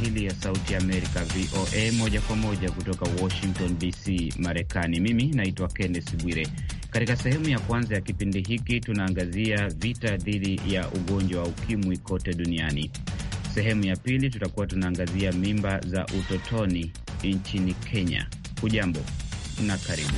Kiswahili ya Sauti ya Amerika, VOA, moja kwa moja kutoka Washington DC, Marekani. Mimi naitwa Kenneth Bwire. Katika sehemu ya kwanza ya kipindi hiki tunaangazia vita dhidi ya ugonjwa wa ukimwi kote duniani. Sehemu ya pili tutakuwa tunaangazia mimba za utotoni nchini Kenya. Hujambo na karibu.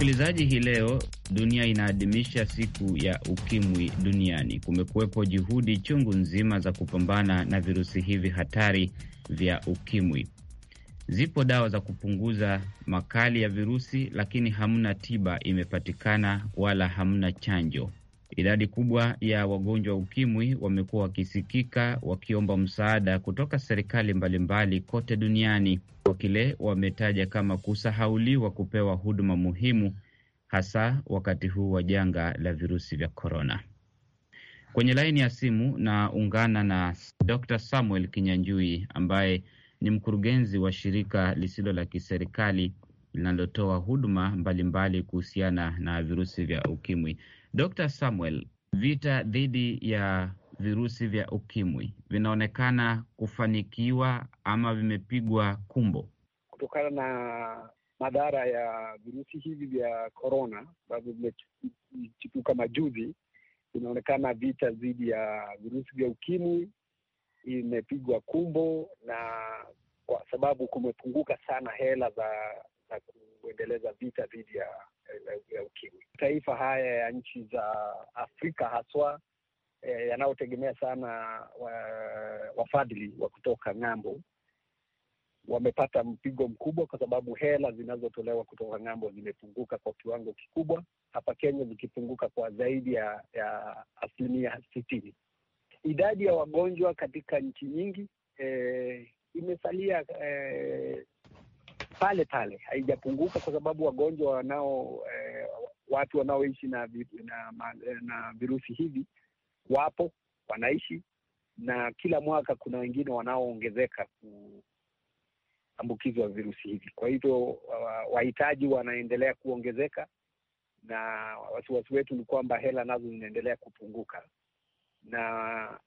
Msikilizaji, hii leo dunia inaadhimisha siku ya ukimwi duniani. Kumekuwepo juhudi chungu nzima za kupambana na virusi hivi hatari vya ukimwi. Zipo dawa za kupunguza makali ya virusi, lakini hamna tiba imepatikana wala hamna chanjo. Idadi kubwa ya wagonjwa wa ukimwi wamekuwa wakisikika wakiomba msaada kutoka serikali mbalimbali kote duniani kwa kile wametaja kama kusahauliwa kupewa huduma muhimu, hasa wakati huu wa janga la virusi vya korona. Kwenye laini ya simu naungana na Dr Samuel Kinyanjui ambaye ni mkurugenzi wa shirika lisilo la kiserikali linalotoa huduma mbalimbali kuhusiana na virusi vya ukimwi. Dr. Samuel, vita dhidi ya virusi vya ukimwi vinaonekana kufanikiwa ama vimepigwa kumbo kutokana na madhara ya virusi hivi vya korona ambavyo vimechipuka majuzi. Inaonekana vita dhidi ya virusi vya ukimwi imepigwa kumbo, na kwa sababu kumepunguka sana hela za, za kuendeleza vita dhidi ya ya ukimwi. Taifa haya ya nchi za Afrika haswa e, yanayotegemea sana wa, wafadhili wa kutoka ng'ambo wamepata mpigo mkubwa, kwa sababu hela zinazotolewa kutoka ng'ambo zimepunguka kwa kiwango kikubwa, hapa Kenya zikipunguka kwa zaidi ya, ya asilimia sitini. Idadi ya wagonjwa katika nchi nyingi e, imesalia e, pale pale, haijapunguka kwa sababu wagonjwa wanao eh, watu wanaoishi na, na, eh, na virusi hivi wapo wanaishi, na kila mwaka kuna wengine wanaoongezeka kuambukizwa virusi hivi. Kwa hivyo wahitaji wanaendelea kuongezeka, na wasiwasi wetu ni kwamba hela nazo zinaendelea kupunguka, na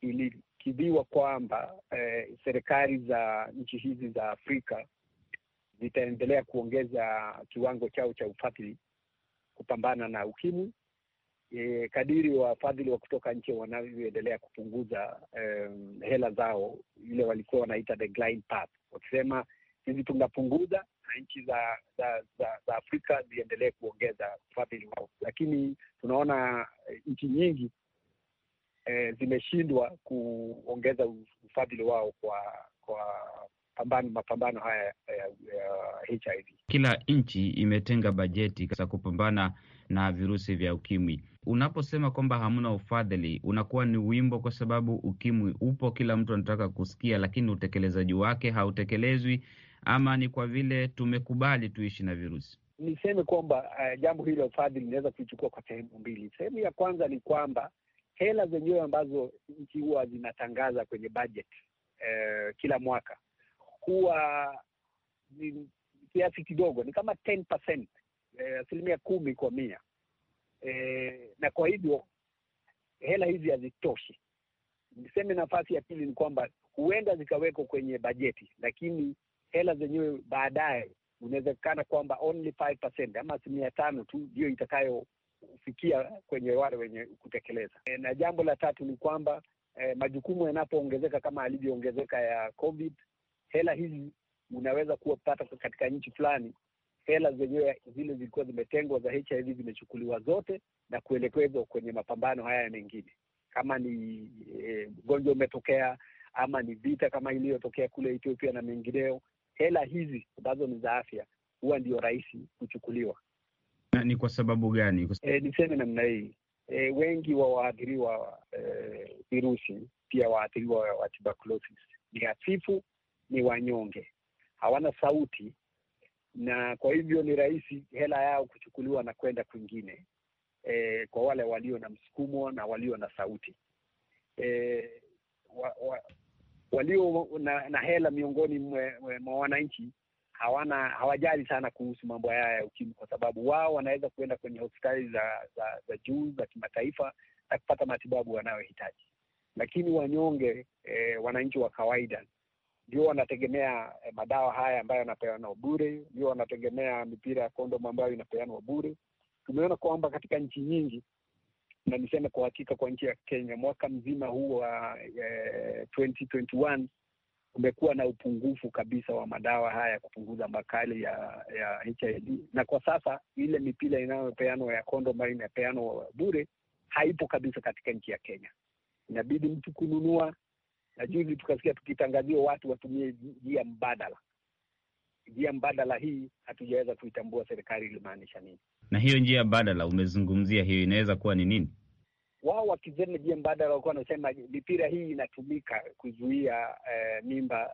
ilikidhiwa kwamba eh, serikali za nchi hizi za Afrika zitaendelea kuongeza kiwango chao cha ufadhili kupambana na ukimwi e, kadiri wafadhili wa kutoka nje wanavyoendelea kupunguza um, hela zao, ile walikuwa wanaita the glide path, wakisema sisi tunapunguza na nchi za, za, za, za Afrika ziendelee kuongeza ufadhili wao, lakini tunaona e, nchi nyingi e, zimeshindwa kuongeza ufadhili wao kwa kwa pambano mapambano haya ya HIV. Kila nchi imetenga bajeti za kupambana na virusi vya ukimwi. Unaposema kwamba hamna ufadhili, unakuwa ni wimbo, kwa sababu ukimwi upo, kila mtu anataka kusikia, lakini utekelezaji wake hautekelezwi, ama ni kwa vile tumekubali tuishi na virusi. Niseme kwamba uh, jambo hili la ufadhili linaweza kuichukua kwa sehemu mbili. Sehemu ya kwanza ni kwamba hela zenyewe ambazo nchi huwa zinatangaza kwenye budget, uh, kila mwaka kuwa kiasi kidogo, ni kama 10%, eh, asilimia eh, kumi kwa mia eh, na kwa hivyo hela hizi hazitoshi. Niseme nafasi ya pili ni kwamba huenda zikawekwa kwenye bajeti, lakini hela zenyewe baadaye unawezekana kwamba only 5% ama asilimia tano tu ndiyo itakayofikia kwenye wale wenye kutekeleza. E, na jambo la tatu ni kwamba e, majukumu yanapoongezeka kama alivyoongezeka ya COVID hela hizi unaweza kuwapata katika nchi fulani, hela zenyewe zile zilikuwa zimetengwa za HIV zimechukuliwa zote na kuelekezwa kwenye mapambano haya mengine, kama ni eh, ugonjwa e, umetokea ama ni vita kama iliyotokea kule Ethiopia na mengineo, hela hizi ambazo ni za afya huwa ndio rahisi kuchukuliwa. Na ni kwa sababu gani? E, niseme namna hii e, wengi wa waathiriwa e, virusi pia waathiriwa wa tuberculosis ni hafifu ni wanyonge, hawana sauti, na kwa hivyo ni rahisi hela yao kuchukuliwa na kwenda kwingine, e, kwa wale walio na msukumo na walio na sauti e, wa, wa, walio na, na hela miongoni mwa wananchi hawana hawajali sana kuhusu mambo haya ya ukimwi, kwa sababu wao wanaweza kuenda kwenye hospitali za za, za juu za kimataifa na kupata matibabu wanayohitaji, lakini wanyonge, e, wananchi wa kawaida ndio wanategemea eh, madawa haya ambayo yanapeanwa bure, ndio wanategemea mipira ya kondomu ambayo inapeanwa bure. Tumeona kwamba katika nchi nyingi, na niseme kwa hakika kwa nchi ya Kenya, mwaka mzima huu wa eh, 2021 na upungufu kabisa wa madawa haya ya kupunguza makali ya ya HIV, na kwa sasa ile mipira inayopeanwa ya kondomu ambayo inapeanwa bure haipo kabisa katika nchi ya Kenya. Inabidi mtu kununua na juzi tukasikia tukitangaziwa watu watumie njia mbadala. Njia mbadala hii hatujaweza kuitambua serikali ilimaanisha nini, na hiyo njia mbadala umezungumzia hiyo inaweza kuwa ni nini? Wao wakisema njia mbadala, walikuwa wanasema mipira hii inatumika kuzuia eh, mimba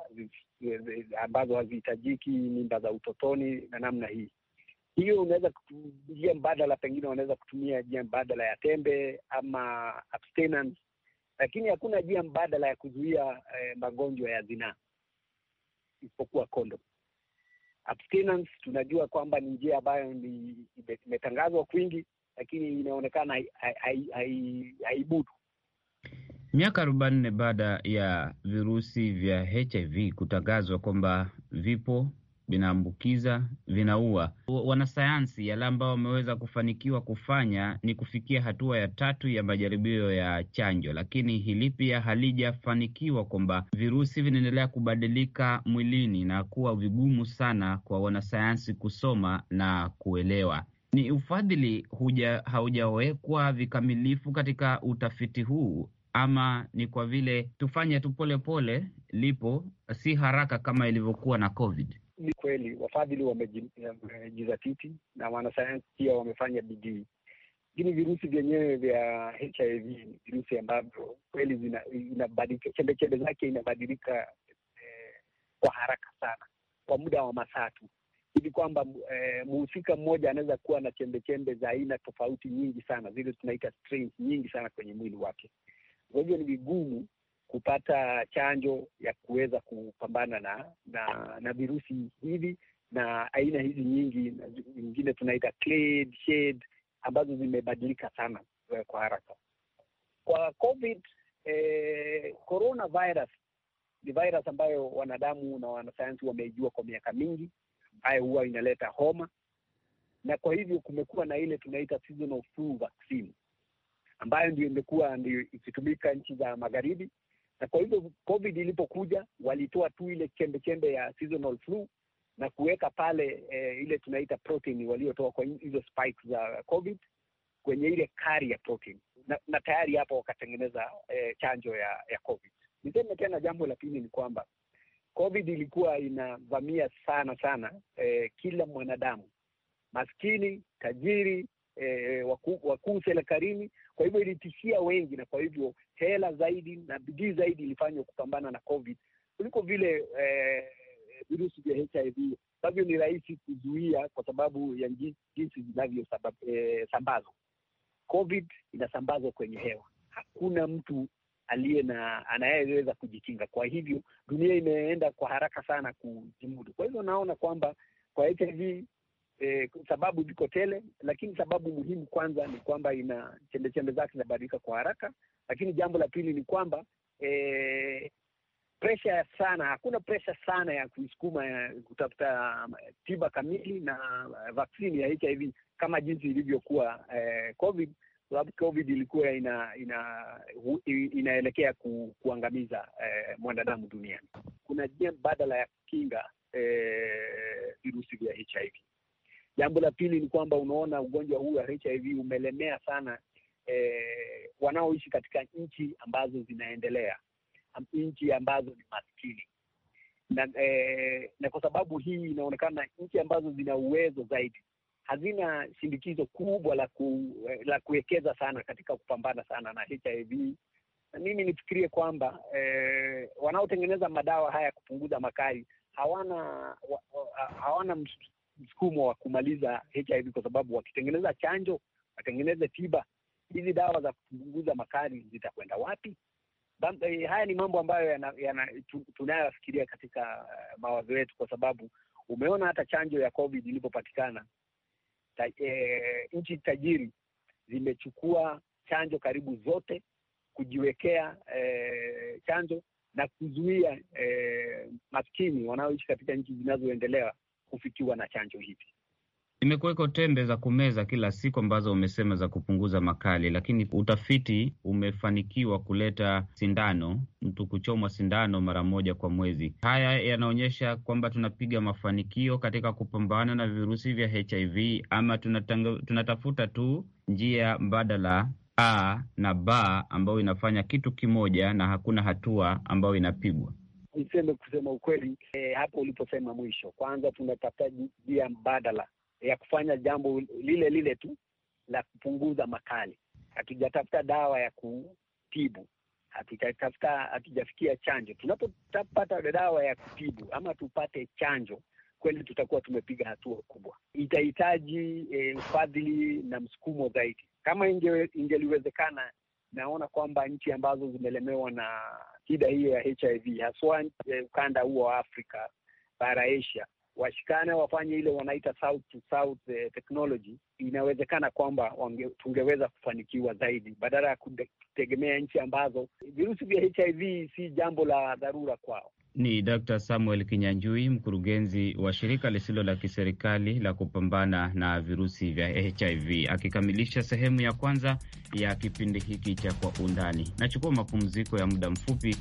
ambazo hazihitajiki, mimba za utotoni na namna hii hiyo unaweza njia mbadala, pengine wanaweza kutumia njia mbadala ya tembe ama abstinence lakini hakuna njia mbadala ya kuzuia eh, magonjwa ya zinaa isipokuwa kondo. Abstinence tunajua kwamba ni njia ambayo imetangazwa kwingi, lakini inaonekana haibudu miaka arobaini baada ya virusi vya HIV kutangazwa kwamba vipo vinaambukiza, vinaua. Wanasayansi yale ambao wameweza kufanikiwa kufanya ni kufikia hatua ya tatu ya majaribio ya chanjo, lakini hili pia halijafanikiwa, kwamba virusi vinaendelea kubadilika mwilini na kuwa vigumu sana kwa wanasayansi kusoma na kuelewa. Ni ufadhili haujawekwa vikamilifu katika utafiti huu ama ni kwa vile tufanye tu polepole, lipo si haraka kama ilivyokuwa na COVID ni kweli wafadhili wamejizatiti na wanasayansi pia wamefanya bidii, lakini virusi vyenyewe vya HIV ni virusi ambavyo kweli chembechembe zake inabadilika eh, kwa haraka sana kwa muda wa masaa tu hivi kwamba eh, mhusika mmoja anaweza kuwa na chembechembe za aina tofauti nyingi sana, zile tunaita strains nyingi sana kwenye mwili wake. Kwa hivyo ni vigumu kupata chanjo ya kuweza kupambana na, na na virusi hivi na aina hizi nyingi nyingine tunaita clade, ambazo zimebadilika sana eh, kwa haraka kwa COVID. Eh, coronavirus ni virus ambayo wanadamu na wanasayansi wameijua kwa miaka mingi, ambayo huwa inaleta homa, na kwa hivyo kumekuwa na ile tunaita seasonal flu vaccine ambayo ndio imekuwa ndio ikitumika nchi za magharibi na kwa hivyo COVID ilipokuja walitoa tu ile chembe chembe ya seasonal flu na kuweka pale eh, ile tunaita protein waliotoa kwa hizo spikes za COVID kwenye ile ya protein na, na tayari hapo wakatengeneza eh, chanjo ya ya COVID. Niseme tena jambo la pili ni kwamba COVID ilikuwa inavamia sana sana eh, kila mwanadamu maskini, tajiri, eh, wakuu serikalini. Kwa hivyo ilitishia wengi, na kwa hivyo hela zaidi na bidii zaidi ilifanywa kupambana na COVID kuliko vile eh, virusi vya HIV ambavyo ni rahisi kuzuia kwa sababu ya jinsi zinavyosambazwa. Eh, COVID inasambazwa kwenye hewa, hakuna mtu aliye na anayeweza kujikinga. Kwa hivyo dunia imeenda kwa haraka sana kujimudu. Kwa hivyo naona kwamba kwa HIV eh, sababu ziko tele, lakini sababu muhimu kwanza ni kwamba ina chembechembe zake zinabadilika kwa haraka lakini jambo la pili ni kwamba e, eh, presha sana, hakuna presha sana ya kuisukuma eh, kutafuta eh, tiba kamili na vaksini ya HIV kama jinsi ilivyokuwa e, COVID, sababu COVID ilikuwa ina, ina hu, inaelekea ku, kuangamiza e, mwanadamu duniani. Kuna njia mbadala ya kukinga e, virusi vya HIV. Jambo la pili ni kwamba unaona ugonjwa huu wa HIV umelemea sana eh, wanaoishi katika nchi ambazo zinaendelea, nchi ambazo ni maskini na, eh, na kwa sababu hii inaonekana nchi ambazo zina uwezo zaidi hazina shindikizo kubwa la ku, eh, la kuwekeza sana katika kupambana sana na HIV. Na mimi nifikirie kwamba eh, wanaotengeneza madawa haya ya kupunguza makali hawana wa, hawana msukumo wa kumaliza HIV kwa sababu wakitengeneza chanjo, watengeneze tiba, hizi dawa za kupunguza makali zitakwenda wapi? Bamba, eh, haya ni mambo ambayo yana, yana, tunayofikiria katika eh, mawazo yetu, kwa sababu umeona hata chanjo ya COVID ilipopatikana ta, e, nchi tajiri zimechukua chanjo karibu zote kujiwekea e, chanjo na kuzuia e, maskini wanaoishi katika nchi zinazoendelea kufikiwa na chanjo hizi. Imekuweko tembe za kumeza kila siku ambazo umesema za kupunguza makali, lakini utafiti umefanikiwa kuleta sindano, mtu kuchomwa sindano mara moja kwa mwezi. Haya yanaonyesha kwamba tunapiga mafanikio katika kupambana na virusi vya HIV ama tunatafuta tu njia mbadala A na B ambayo inafanya kitu kimoja na hakuna hatua ambayo inapigwa. Niseme kusema ukweli, e, hapo uliposema mwisho, kwanza tunatafuta njia mbadala ya kufanya jambo lile lile tu la kupunguza makali. Hatujatafuta dawa ya kutibu, hatujatafuta, hatujafikia chanjo. Tunapopata dawa ya kutibu ama tupate chanjo kweli tutakuwa tumepiga hatua kubwa. Itahitaji e, eh, ufadhili na msukumo zaidi. Kama inge, ingeliwezekana, naona kwamba nchi ambazo zimelemewa na shida hiyo ya HIV haswa e, ukanda huo wa Afrika, bara Asia, washikane wafanye ile wanaita south to south eh, technology, inawezekana kwamba tungeweza kufanikiwa zaidi, badala ya kutegemea nchi ambazo virusi vya HIV si jambo la dharura kwao. Ni Dr. Samuel Kinyanjui, mkurugenzi wa shirika lisilo la kiserikali la kupambana na virusi vya HIV, akikamilisha sehemu ya kwanza ya kipindi hiki cha Kwa Undani. Nachukua mapumziko ya muda mfupi,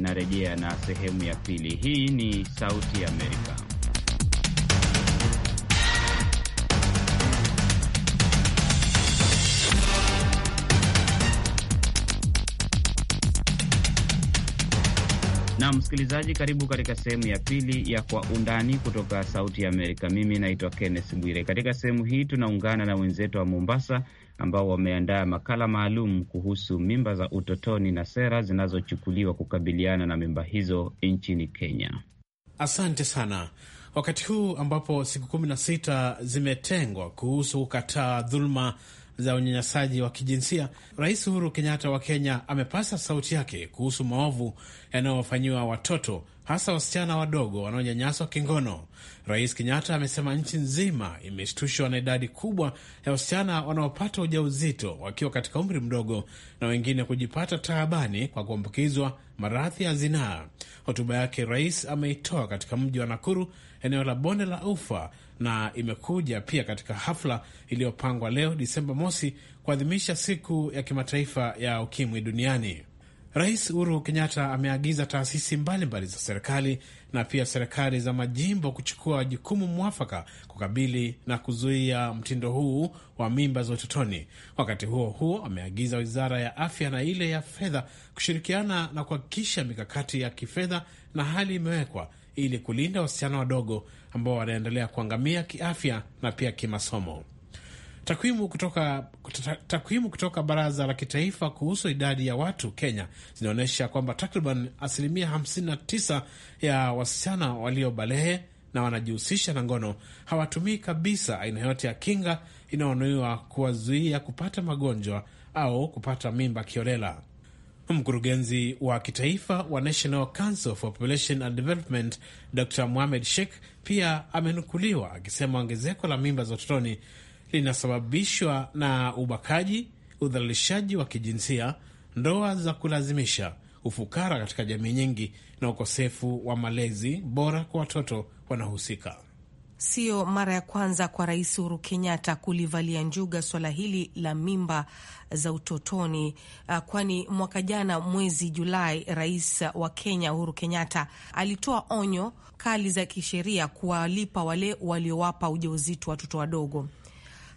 narejea na sehemu ya pili. Hii ni Sauti ya Amerika. Na msikilizaji, karibu katika sehemu ya pili ya Kwa Undani kutoka Sauti ya Amerika. Mimi naitwa Kenneth Bwire. Katika sehemu hii tunaungana na wenzetu wa Mombasa ambao wameandaa makala maalum kuhusu mimba za utotoni na sera zinazochukuliwa kukabiliana na mimba hizo nchini Kenya. Asante sana. Wakati huu ambapo siku kumi na sita zimetengwa kuhusu kukataa dhuluma za unyanyasaji wa kijinsia, Rais Uhuru Kenyatta wa Kenya amepasa sauti yake kuhusu maovu yanayofanyiwa watoto hasa wasichana wadogo wanaonyanyaswa kingono. Rais Kenyatta amesema nchi nzima imeshtushwa na idadi kubwa ya wasichana wanaopata ujauzito wakiwa katika umri mdogo na wengine kujipata taabani kwa kuambukizwa maradhi ya zinaa. Hotuba yake rais ameitoa katika mji wa Nakuru, eneo la bonde la Ufa, na imekuja pia katika hafla iliyopangwa leo Disemba mosi kuadhimisha siku ya kimataifa ya ukimwi duniani. Rais Uhuru Kenyatta ameagiza taasisi mbalimbali za serikali na pia serikali za majimbo kuchukua jukumu mwafaka kukabili na kuzuia mtindo huu wa mimba za utotoni. Wakati huo huo, ameagiza wizara ya afya na ile ya fedha kushirikiana na kuhakikisha mikakati ya kifedha na hali imewekwa ili kulinda wasichana wadogo ambao wanaendelea kuangamia kiafya na pia kimasomo. Takwimu kutoka, takwimu kutoka Baraza la Kitaifa kuhusu idadi ya watu Kenya zinaonyesha kwamba takriban asilimia 59 ya wasichana waliobalehe na wanajihusisha na ngono hawatumii kabisa aina yote ya kinga inayonuiwa kuwazuia kupata magonjwa au kupata mimba kiolela. Mkurugenzi wa kitaifa wa National Council for Population and Development Dr Mohamed Sheikh pia amenukuliwa akisema ongezeko la mimba za utotoni linasababishwa na ubakaji, udhalilishaji wa kijinsia, ndoa za kulazimisha, ufukara katika jamii nyingi na ukosefu wa malezi bora kwa watoto wanahusika. Sio mara ya kwanza kwa Rais Uhuru Kenyatta kulivalia njuga swala hili la mimba za utotoni, uh, kwani mwaka jana mwezi Julai, rais wa Kenya Uhuru Kenyatta alitoa onyo kali za kisheria kuwalipa wale waliowapa ujauzito watoto wadogo.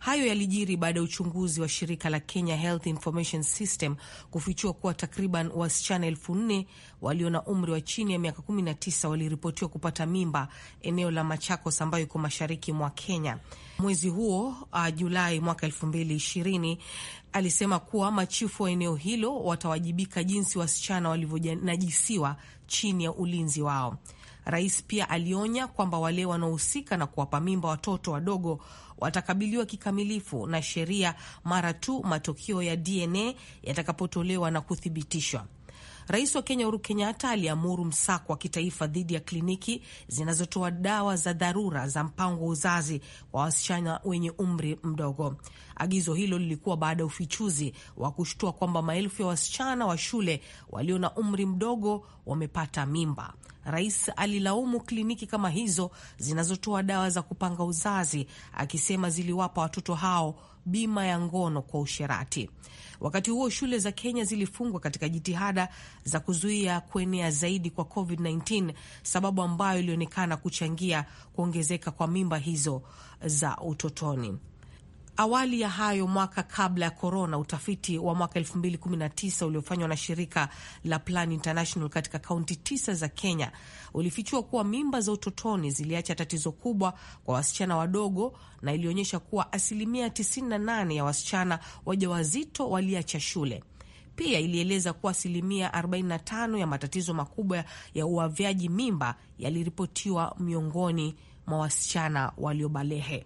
Hayo yalijiri baada ya uchunguzi wa shirika la Kenya Health Information System kufichua kuwa takriban wasichana elfu nne walio na umri wa chini ya miaka 19 waliripotiwa kupata mimba eneo la Machakos ambayo iko mashariki mwa Kenya mwezi huo uh, Julai mwaka ishirini Alisema kuwa machifu wa eneo hilo watawajibika jinsi wasichana walivyonajisiwa chini ya ulinzi wao. Rais pia alionya kwamba wale wanaohusika na kuwapa mimba watoto wadogo watakabiliwa kikamilifu na sheria mara tu matokeo ya DNA yatakapotolewa na kuthibitishwa. Rais wa Kenya Uhuru Kenyatta aliamuru msako wa kitaifa dhidi ya kliniki zinazotoa dawa za dharura za mpango wa uzazi kwa wasichana wenye umri mdogo. Agizo hilo lilikuwa baada ya ufichuzi wa kushtua kwamba maelfu ya wasichana wa shule walio na umri mdogo wamepata mimba. Rais alilaumu kliniki kama hizo zinazotoa dawa za kupanga uzazi, akisema ziliwapa watoto hao bima ya ngono kwa usherati. Wakati huo shule za Kenya zilifungwa katika jitihada za kuzuia kuenea zaidi kwa COVID-19, sababu ambayo ilionekana kuchangia kuongezeka kwa mimba hizo za utotoni. Awali ya hayo mwaka kabla ya korona utafiti wa mwaka 2019 uliofanywa na shirika la Plan International katika kaunti tisa za Kenya ulifichua kuwa mimba za utotoni ziliacha tatizo kubwa kwa wasichana wadogo, na ilionyesha kuwa asilimia 98 ya wasichana wajawazito waliacha shule. Pia ilieleza kuwa asilimia 45 ya matatizo makubwa ya uavyaji mimba yaliripotiwa miongoni mwa wasichana waliobalehe.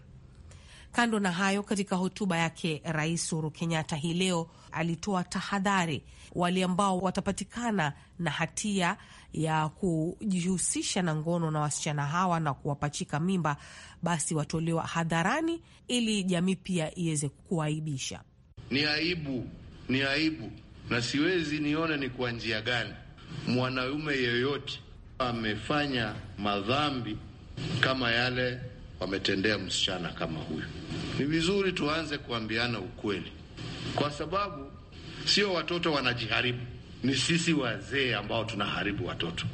Kando na hayo, katika hotuba yake Rais Uhuru Kenyatta hii leo alitoa tahadhari wale ambao watapatikana na hatia ya kujihusisha na ngono na wasichana hawa na kuwapachika mimba, basi watolewa hadharani ili jamii pia iweze kuaibisha. Ni aibu, ni aibu, na siwezi nione ni kwa njia gani mwanaume yeyote amefanya madhambi kama yale wametendea msichana kama huyu. Ni vizuri tuanze kuambiana ukweli, kwa sababu sio watoto wanajiharibu, ni sisi wazee ambao tunaharibu watoto.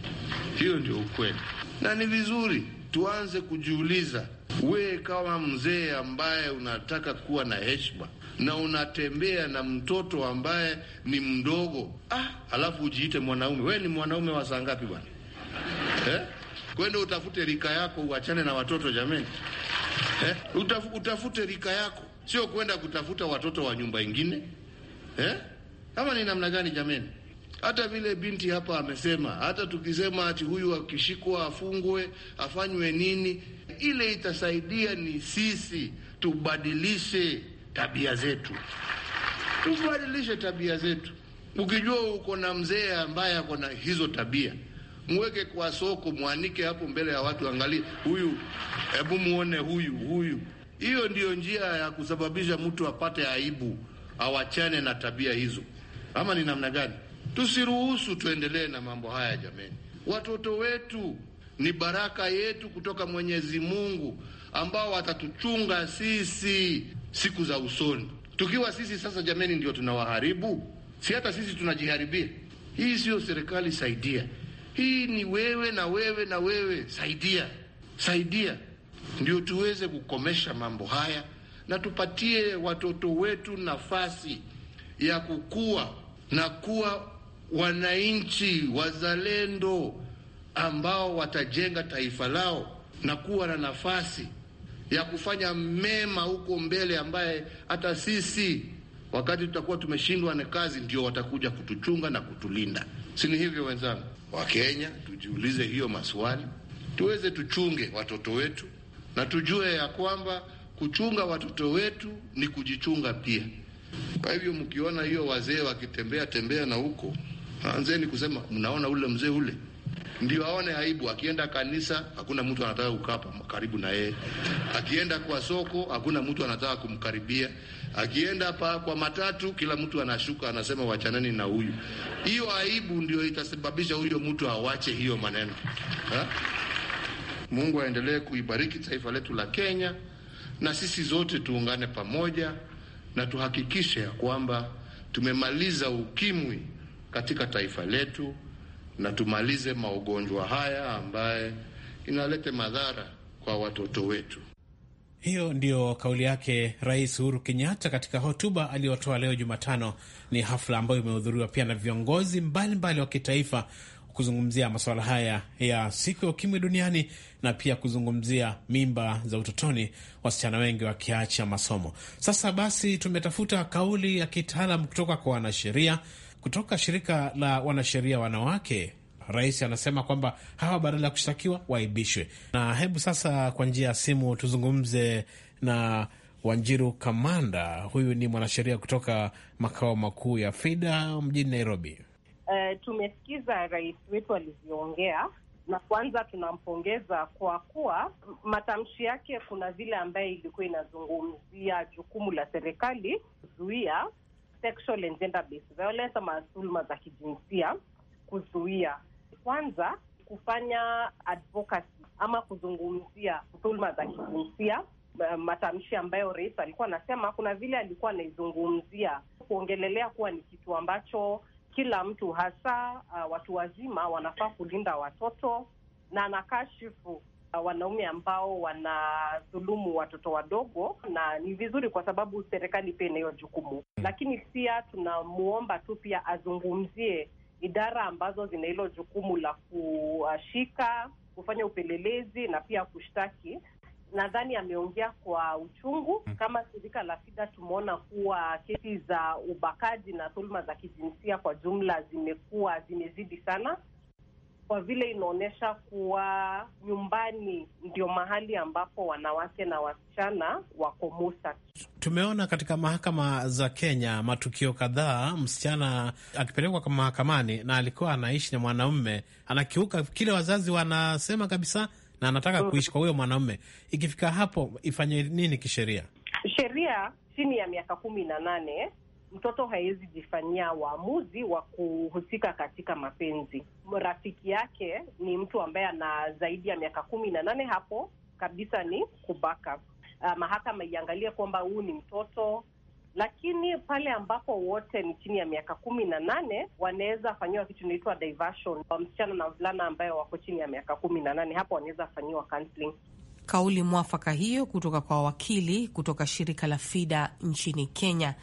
Hiyo ndio ukweli, na ni vizuri tuanze kujiuliza, we kama mzee ambaye unataka kuwa na heshima na unatembea na mtoto ambaye ni mdogo ah, alafu ujiite mwanaume. We ni mwanaume wa saa ngapi bwana eh? Wende utafute rika yako, uachane na watoto jameni, eh? Utaf, utafute rika yako, sio kwenda kutafuta watoto wa nyumba ingine eh? Kama ni namna gani jameni? Hata vile binti hapa amesema, hata tukisema ati huyu akishikwa afungwe afanywe nini, ile itasaidia ni sisi tubadilishe tabia zetu, tubadilishe tabia zetu. Ukijua uko na mzee ambaye ako na hizo tabia Mm. mweke kwa soko, mwanike hapo mbele ya watu, angalie huyu, hebu muone huyu huyu. Hiyo ndiyo njia ya kusababisha mtu apate aibu, awachane na tabia hizo, ama ni namna gani? Tusiruhusu tuendelee na mambo haya jameni. Watoto wetu ni baraka yetu kutoka Mwenyezi Mungu, ambao watatuchunga sisi siku za usoni. Tukiwa sisi sasa jameni, ndio tunawaharibu, si hata sisi tunajiharibia. Hii siyo serikali saidia. Hii ni wewe na wewe na wewe, saidia saidia, ndio tuweze kukomesha mambo haya na tupatie watoto wetu nafasi ya kukua na kuwa wananchi wazalendo ambao watajenga taifa lao na kuwa na nafasi ya kufanya mema huko mbele, ambaye hata sisi wakati tutakuwa tumeshindwa na kazi, ndio watakuja kutuchunga na kutulinda. Si ni hivyo wenzangu? Wakenya tujiulize hiyo maswali, tuweze tuchunge watoto wetu na tujue ya kwamba kuchunga watoto wetu ni kujichunga pia. Kwa hivyo mkiona hiyo wazee wakitembea tembea na huko, anzeni kusema mnaona ule mzee ule ndio aone aibu. Akienda kanisa, hakuna mtu anataka kukaa karibu na yeye. Akienda kwa soko, hakuna mtu anataka kumkaribia. Akienda pa kwa matatu, kila mtu anashuka, anasema wachanani na huyu. Hiyo aibu ndio itasababisha huyo mtu awache hiyo maneno ha? Mungu aendelee kuibariki taifa letu la Kenya, na sisi zote tuungane pamoja na tuhakikishe ya kwamba tumemaliza ukimwi katika taifa letu na tumalize maugonjwa haya ambaye inaleta madhara kwa watoto wetu. Hiyo ndiyo kauli yake Rais Uhuru Kenyatta katika hotuba aliyotoa leo Jumatano. Ni hafla ambayo imehudhuriwa pia na viongozi mbalimbali wa kitaifa kuzungumzia masuala haya ya siku ya ukimwi duniani na pia kuzungumzia mimba za utotoni, wasichana wengi wakiacha masomo. Sasa basi, tumetafuta kauli ya kitaalam kutoka kwa wanasheria kutoka shirika la wanasheria wanawake, rais anasema kwamba hawa badala ya kushtakiwa waibishwe. Na hebu sasa kwa njia ya simu tuzungumze na Wanjiru Kamanda. Huyu ni mwanasheria kutoka makao makuu ya FIDA mjini Nairobi. Uh, tumesikiza rais wetu alivyoongea na kwanza tunampongeza kwa kuwa matamshi yake, kuna vile ambaye ilikuwa inazungumzia jukumu la serikali kuzuia sexual and gender based violence ama dhuluma za kijinsia kuzuia kwanza kufanya advocacy ama kuzungumzia dhuluma za kijinsia matamshi ambayo rais alikuwa anasema, kuna vile alikuwa anaizungumzia kuongelelea kuwa ni kitu ambacho kila mtu hasa uh, watu wazima wanafaa kulinda watoto, na anakashifu Uh, wanaume ambao wanadhulumu watoto wadogo, na ni vizuri kwa sababu serikali pia inayo jukumu mm. Lakini pia tunamwomba tu pia azungumzie idara ambazo zina hilo jukumu la kushika, kufanya upelelezi na pia kushtaki. Nadhani ameongea kwa uchungu mm. Kama shirika la FIDA tumeona kuwa kesi za ubakaji na dhuluma za kijinsia kwa jumla zimekuwa zimezidi sana kwa vile inaonyesha kuwa nyumbani ndio mahali ambapo wanawake na wasichana wako musa. Tumeona katika mahakama za Kenya matukio kadhaa, msichana akipelekwa mahakamani na alikuwa anaishi na mwanaume, anakiuka kile wazazi wanasema kabisa, na anataka mm. kuishi kwa huyo mwanaume. Ikifika hapo, ifanye nini kisheria? Sheria chini ya miaka kumi na nane mtoto hawezi jifanyia uamuzi wa kuhusika katika mapenzi. Rafiki yake ni mtu ambaye ana zaidi ya miaka kumi na nane, hapo kabisa ni kubaka. Uh, mahakama iangalie kwamba huu ni mtoto, lakini pale ambapo wote ni chini ya miaka kumi na nane wanaweza fanyiwa kitu inaitwa diversion. Msichana na mvulana ambayo wako chini ya miaka kumi na nane, hapo wanaweza fanyiwa counseling. Kauli mwafaka hiyo kutoka kwa wakili kutoka shirika la FIDA nchini Kenya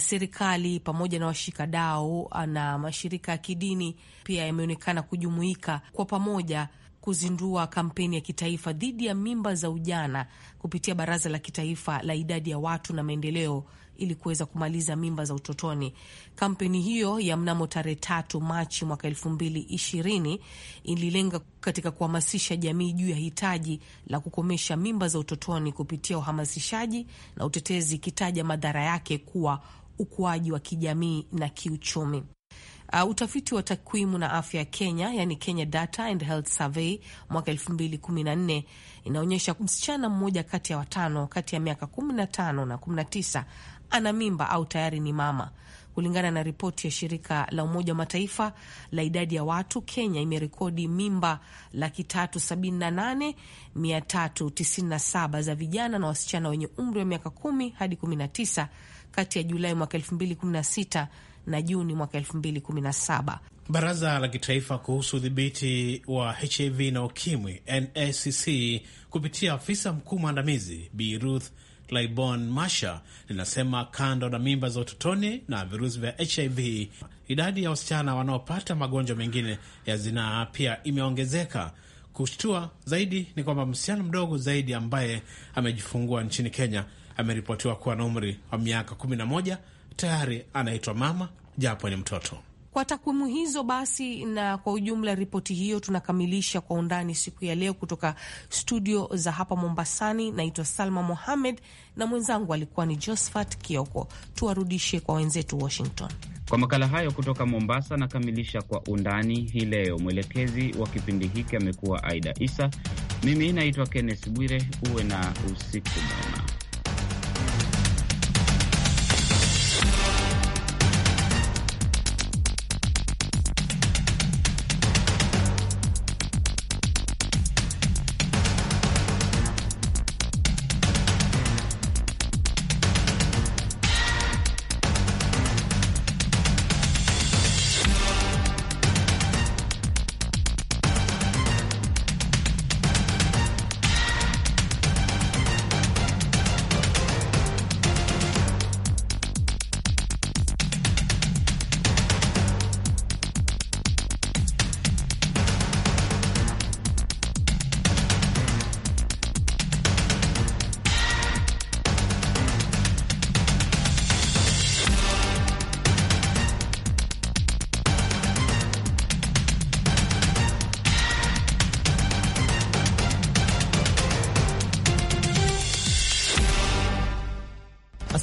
serikali pamoja na washikadau na mashirika ya kidini pia yameonekana kujumuika kwa pamoja kuzindua kampeni ya kitaifa dhidi ya mimba za ujana kupitia Baraza la Kitaifa la Idadi ya Watu na Maendeleo ili kuweza kumaliza mimba za utotoni. Kampeni hiyo ya mnamo tarehe tatu Machi mwaka elfu mbili ishirini ililenga katika kuhamasisha jamii juu ya hitaji la kukomesha mimba za utotoni kupitia uhamasishaji na utetezi, ikitaja madhara yake kuwa ukuaji wa kijamii na kiuchumi. Uh, utafiti wa takwimu na afya ya Kenya, yani Kenya Data and Health Survey mwaka 2014 inaonyesha msichana mmoja kati ya watano kati ya miaka 15 na 19 ana mimba au tayari ni mama. Kulingana na ripoti ya shirika la Umoja wa Mataifa la idadi ya watu, Kenya imerekodi mimba laki tatu sabini na nane mia tatu tisini na saba za vijana na wasichana wenye umri wa miaka kumi hadi kumi na tisa kati ya Julai mwaka 2016 na Juni mwaka 2017. Baraza la Kitaifa kuhusu Udhibiti wa HIV na Ukimwi, NACC, kupitia afisa mkuu mwandamizi Bi Ruth Laibon Masha linasema kando na mimba za utotoni na virusi vya HIV, idadi ya wasichana wanaopata magonjwa mengine ya zinaa pia imeongezeka. Kushtua zaidi ni kwamba msichana mdogo zaidi ambaye amejifungua nchini Kenya ameripotiwa kuwa na umri wa miaka 11 tayari anaitwa mama japo ni mtoto. Kwa takwimu hizo basi na kwa ujumla ripoti hiyo tunakamilisha kwa undani siku ya leo kutoka studio za hapa Mombasani. Naitwa Salma Mohamed na mwenzangu alikuwa ni josphat Kioko. Tuwarudishe kwa wenzetu Washington kwa makala hayo kutoka Mombasa. Nakamilisha kwa undani hii leo. Mwelekezi wa kipindi hiki amekuwa Aida Isa, mimi naitwa Kenneth Bwire. Uwe na usiku mwema.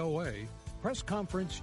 VOA Press Conference